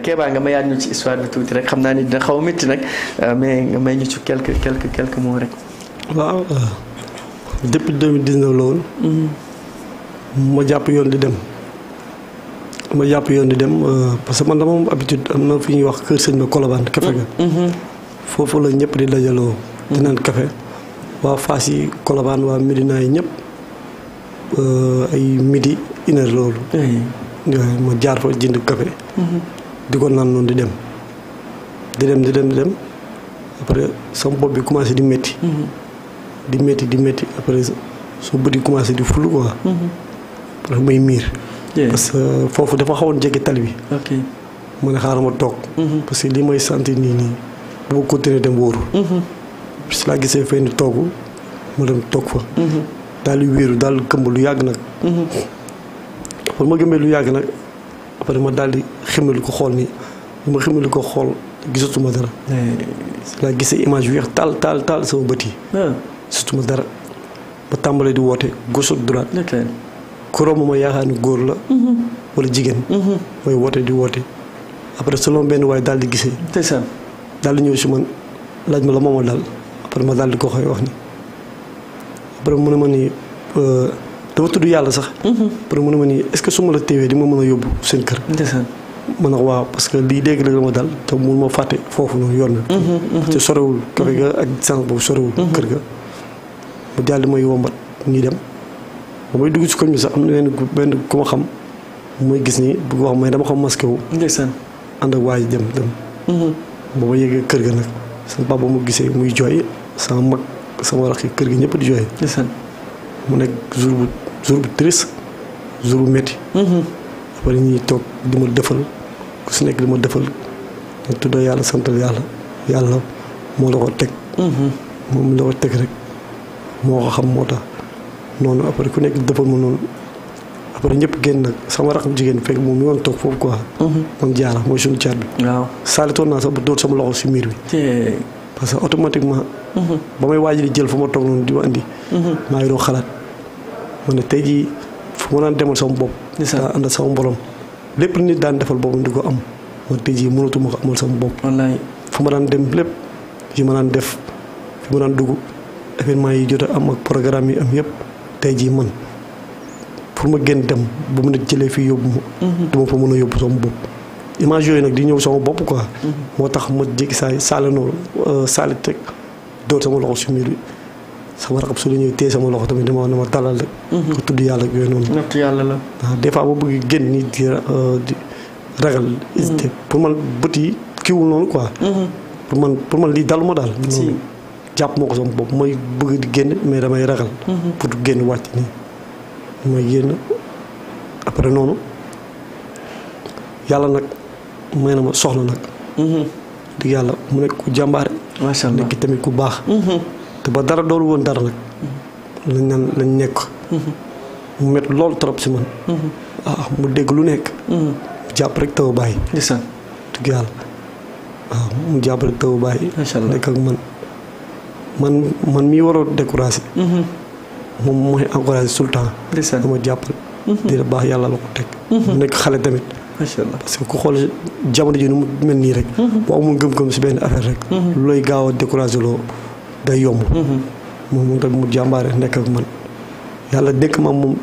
Kéba nga mayaat ñu ci histoire bi tuuti rek xam naa ni dina xaw a métti nag euh, mais nga may ñu ci quelques quelques quelques mots rek. waaw euh, depuis 2019 la woon. yoon di dem. jàpp yoon di dem euh, parce que man dama am habitude na mm-hmm. Mm-hmm. foofu la loolu. ma jaar fa jënd kafe. di ko naan noonu di dem di dem di dem di dem après sama bopp bi commencé di métti. Mhm. di métti après su bët yi commencé di ful quoi. Mhm. après may miir. parce foofu dafa xawoon jege tali bi. ma ne xaaral ma toog. Mhm. parce que li may santé nii nii bu ma continuer dem wóoru. bis laa gisee fenn toog ma dem toog fa. daal di wéeru daal di këmb lu yàgg nag. pour ma gëmbee lu yàgg nag après ma daal di. ximali ko xool nii bi ko xool gisatuma dara. Eh. laa gisee image weex taal taal taal sama bët yi. Ah. gisatuma dara ba di woote gauche ak droite. ku la. Mhm. wala jigéen. mooy mhm. woote di woote. après selon benn waaye daal di gisee. c'est ça ñëw si man laaj ma la moom a daal après ma daal di ko xëy après mu ne ma ni euh, dama tudd yàlla sax. Mhm. après mu ne ma ni est-ce la teewee di ma mën a yóbbu seen kër. mën a waaw parce que lii dégg rek la ma dal te mun ma fàtte foofu noonu yoon na mm-hmm, mm-hmm. te sorewul mm-hmm. café ga ak distance boobu sorewul kër ga mu daal di wombat ñuy dem ba may dugg ci koñ bi sax am na benn benn ku ma xam mooy gis ni bu wax may dama xam masqué wu ndeysaan ànd ak waa ji dem dem ba ma yëgee kër ga nag sama papa mu gisee muy jooy sama mag sama rakk kër gi ñëpp di jooy mu nekk jour bu jour bu triste jour bu métti après ñuy toog di ma dëfal ku nekk li ma defal nga tuddoo yàlla santal yàlla yàlla moo la ko teg. Mm-hmm. moom la ko teg rek moo ko xam moo tax noonu après ku nekk defal ma noonu après ñëpp génn nag sama rakam jigéen fekk moom mi woon toog foofu quoi. Mm-hmm. moom jaara mooy suñu caat bi. saalitoon naa sax ba sama loxo si miir bi. parce que automatiquement. Mm-hmm. ba may waaj jël fu ma toog noonu di ma andi. maa ngi doon xalaat ma tey fu ma naan demal sama bopp. daa ànd sama borom. lépp nit daan defal boobu di ko am man tey jii mënatuma ko amal sama bopp. fu ma daan dem lépp yi ma daan def fi ma daan dugg événement yi jot am ak programme yi am yëpp tey jii man pour ma gën dem ba mu nit jëlee fii yóbbu ma. Mhm. duma fa mën a yóbbu sama bopp. image yooyu nag di ñëw sama bopp quoi. Mhm. moo tax ma jékki saa yi saale noonu euh, saale teg door sama loxo si mur bi. sama raqab su la ñuy téye sama loxo tamit dama dama dalal ko mhm. tudd yàlla ak yooyu noonu. natt yàlla la. bëgg génn nii euh, di ragal. Mhm. pour man bët yi kiiwul noonu quoi. Mhm. pour man lii daluma daal. si jàpp moo ko sama bopp mooy bëgg di génn mais damay ragal. pour génn wàcc nii mooy génn après noonu yàlla nag may na ma soxla nag. di yàlla mu nekk ku jàmbaare. macha allah nekk tamit ku baax. te ba dara doolu woon dara nag. lañ naan lañ nekk. Mm-hmm. mu met lool trop si man. Mm-hmm. ah mu dégg lu nekk. Mm-hmm. jàpp rek taw bàyyi. ndeysaan dëgg yàlla waaw ah, mu jàpp rek taw bàyyi. macha allah nekk ak man man man mii waroo découragé. moom mooy encouragé sultan. ndeysaan dama jàppal. dina baax yàlla la ko teg. mu nekk xale tamit. macha ku xool jamono ji nu mu mel nii rek. boo amul gëm-gëm si benn affaire rek. lu lay gaaw a découragé loo. day yomb. Mhm. moom moom tamit mu jàmbaare nekk ak man yàlla dëkk ma moom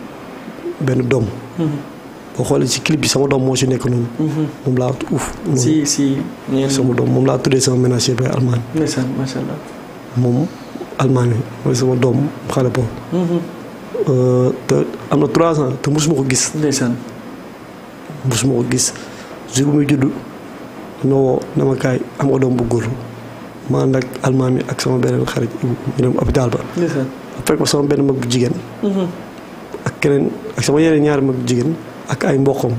benn doom. Mhm. boo xoolee ci clip bi sama doom moo ci nekk noonu. Mhm. moom laa uuf. si si sama doom moom laa tuddee sama ménager bay almaañ. macha allah moom mooy sama doom xale boobu. Euh, te am na trois ans te mosuma ko gis. ndeysaan. mosuma ko gis jour bu muy judd noo woo am nga doom bu góor. ma ànd ak almaami ak sama beneen xarit ñu dem hôpital ba. fekk ma sama benn mag bu jigéen. Mm-hmm. ak keneen ak sama yeneen ñaari mag bu jigéen ak ay mboqam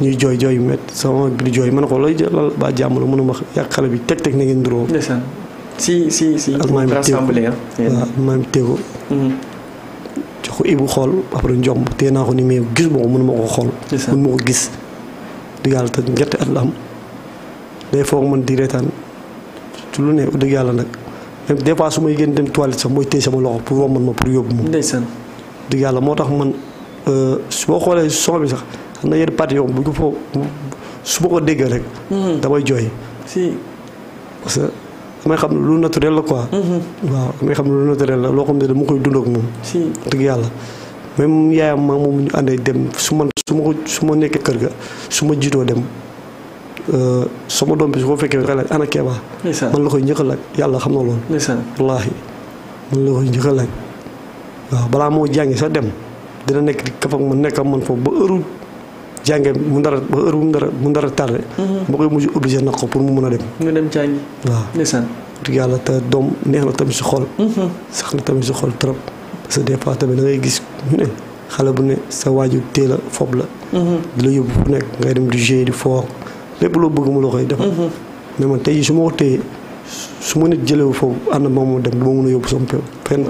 ñuy jooy jooy yu métti sama mag di jooy ma ne ko looy la mënuma yàq bi teg teg si si si. almaami téye mm-hmm. ko almaami téye naa ko ni mais gis ma ko mënuma ko xool. mënuma ko gis. di yàlla te ñetti at la am day foog man di reetaan. ci lu ne dëgg yàlla nag même des fois su may génn dem toilette sax mooy téye sama loxo pour romb ma pour yóbbu moom. ndeysaan. yàlla moo tax man boo euh, xoolee son bi na yenn parti yow foo su ma déggee rek. Mhm. damay jooy. si parce xam ne lu la quoi. Mhm. waaw xam ne lu naturel la loo koy dund ak moom. si dëgg yàlla même yaayam maa moom ñu àndee dem su ma su ma ko su ma nekkee kër ga su ma jiitoo dem. Euh, sama doom bi su ko fekkee rek laaj ana Kéba. man la koy njëkk a laaj yàlla xam na loolu. wallaahi man la koy njëkk a laaj waaw balaa moo jàngi sa dem dina nekk di kafam man nekkam man foofu ba heure jànge mu ndara ba heure mu ndara mu mm-hmm. koy mujj obligé na ko pour mu mën a dem. nga dem jàngi. waaw yàlla te doom neex na tamit si xol. Mm-hmm. sax na tamit si xol trop. parce que des tamit da gis ñu ne xale bu ne sa waajur teel a fob la. Mm-hmm. di la yóbbu fu lépp loo bëgg mu la koy defal. mais mm-hmm. man tey su ma ko téye su ma nit jëlee foofu ànd moom moo dem du ma mun a yóbbu sama pew fenn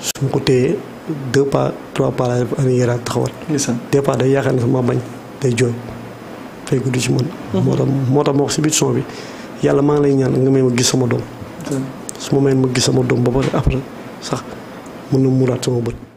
su ma ko téyee deux pas trois pas laay def ani yéraat taxawat. des sama bañ day jooy fekk du ci man mm-hmm. moo tax moo tax ma wax si biir son bi yàlla maa ngi lay ñaan nga may ma gis sama doom. su ma may ma gis sama doom ba pare après sax mën na muuraat sama bët.